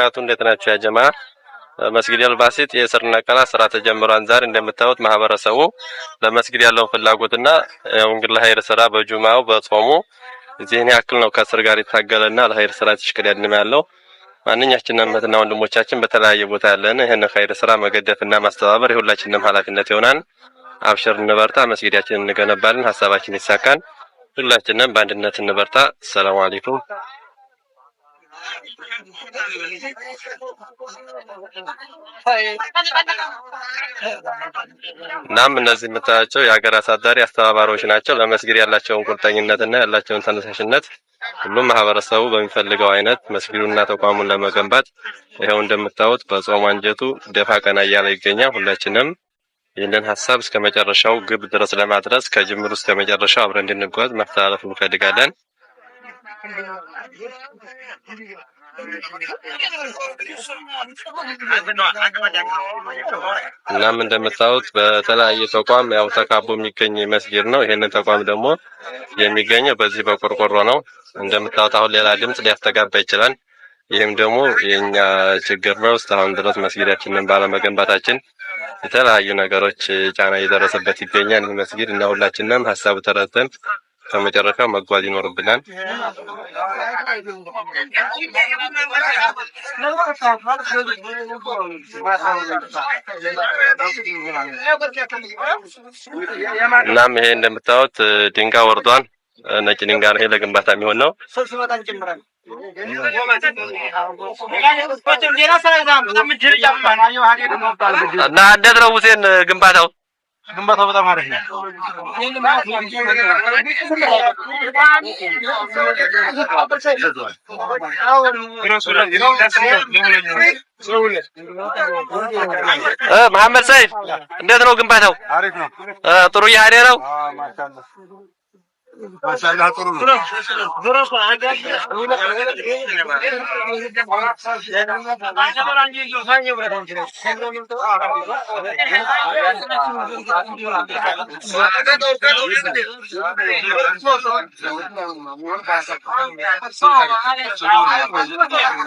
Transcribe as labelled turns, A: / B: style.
A: ቱ እንዴት ናቸው ያጀማ? መስጊድ አልባሲት የስርና ቀላ ስራ ተጀምሯን። ዛሬ እንደምታዩት ማህበረሰቡ ለመስጊድ ያለውን ፍላጎትና እንግዲህ ለሀይር ስራ በጁማው በጾሙ እዚህን ያክል ነው ከስር ጋር ይታገለና ለሀይር ስራ ትሽቅዳድም ያለው ማንኛችንም እህትና ወንድሞቻችን በተለያየ ቦታ ያለን ይህን ሀይር ስራ መገደፍና ማስተባበር የሁላችንም ኃላፊነት ይሆናል። አብሽር እንበርታ፣ መስጊዳችንን እንገነባለን፣ ሀሳባችን ይሳካል። ሁላችንም በአንድነት እንበርታ። ሰላም አለይኩም እናም እነዚህ የምታያቸው የሀገር አሳዳሪ አስተባባሪዎች ናቸው። ለመስጊድ ያላቸውን እና ያላቸውን ተነሳሽነት ሁሉም ማህበረሰቡ በሚፈልገው አይነት መስጊዱና ተቋሙን ለመገንባት ይኸው እንደምታዩት በጾም አንጀቱ ደፋ ቀና እያለ ይገኛል። ሁላችንም ይህንን ሀሳብ እስከ መጨረሻው ግብ ድረስ ለማድረስ ከጅምር እስከ መጨረሻው አብረን እንድንጓዝ መተላለፍ እንፈልጋለን። እናም እንደምታዩት በተለያየ ተቋም ያው ተካቦ የሚገኝ መስጊድ ነው። ይህንን ተቋም ደግሞ የሚገኘው በዚህ በቆርቆሮ ነው። እንደምታዩት አሁን ሌላ ድምፅ ሊያስተጋባ ይችላል። ይህም ደግሞ የኛ ችግር ነው። እስካሁን ድረስ መስጊዳችንን ባለመገንባታችን የተለያዩ ነገሮች ጫና እየደረሰበት ይገኛል። ይህ መስጊድ እና ሁላችንም ሀሳቡ ተረድተን ከመጨረሻ መጓዝ ይኖርብናል። እናም ይሄ እንደምታዩት ድንጋይ ወርዷል። ነጭ ድንጋይ ነው። ይሄ ለግንባታ የሚሆን ነው። እና እንዴት ነው ሁሴን ግንባታው? ግንባታው በጣም አሪፍ ነው። መሐመድ ሰይፍ እንዴት ነው ግንባታው? ጥሩ እየሄደ ነው። Maşallah torunum. Dur, dur opa. Ne var hangi yosan gibi bırakın ki? Sen de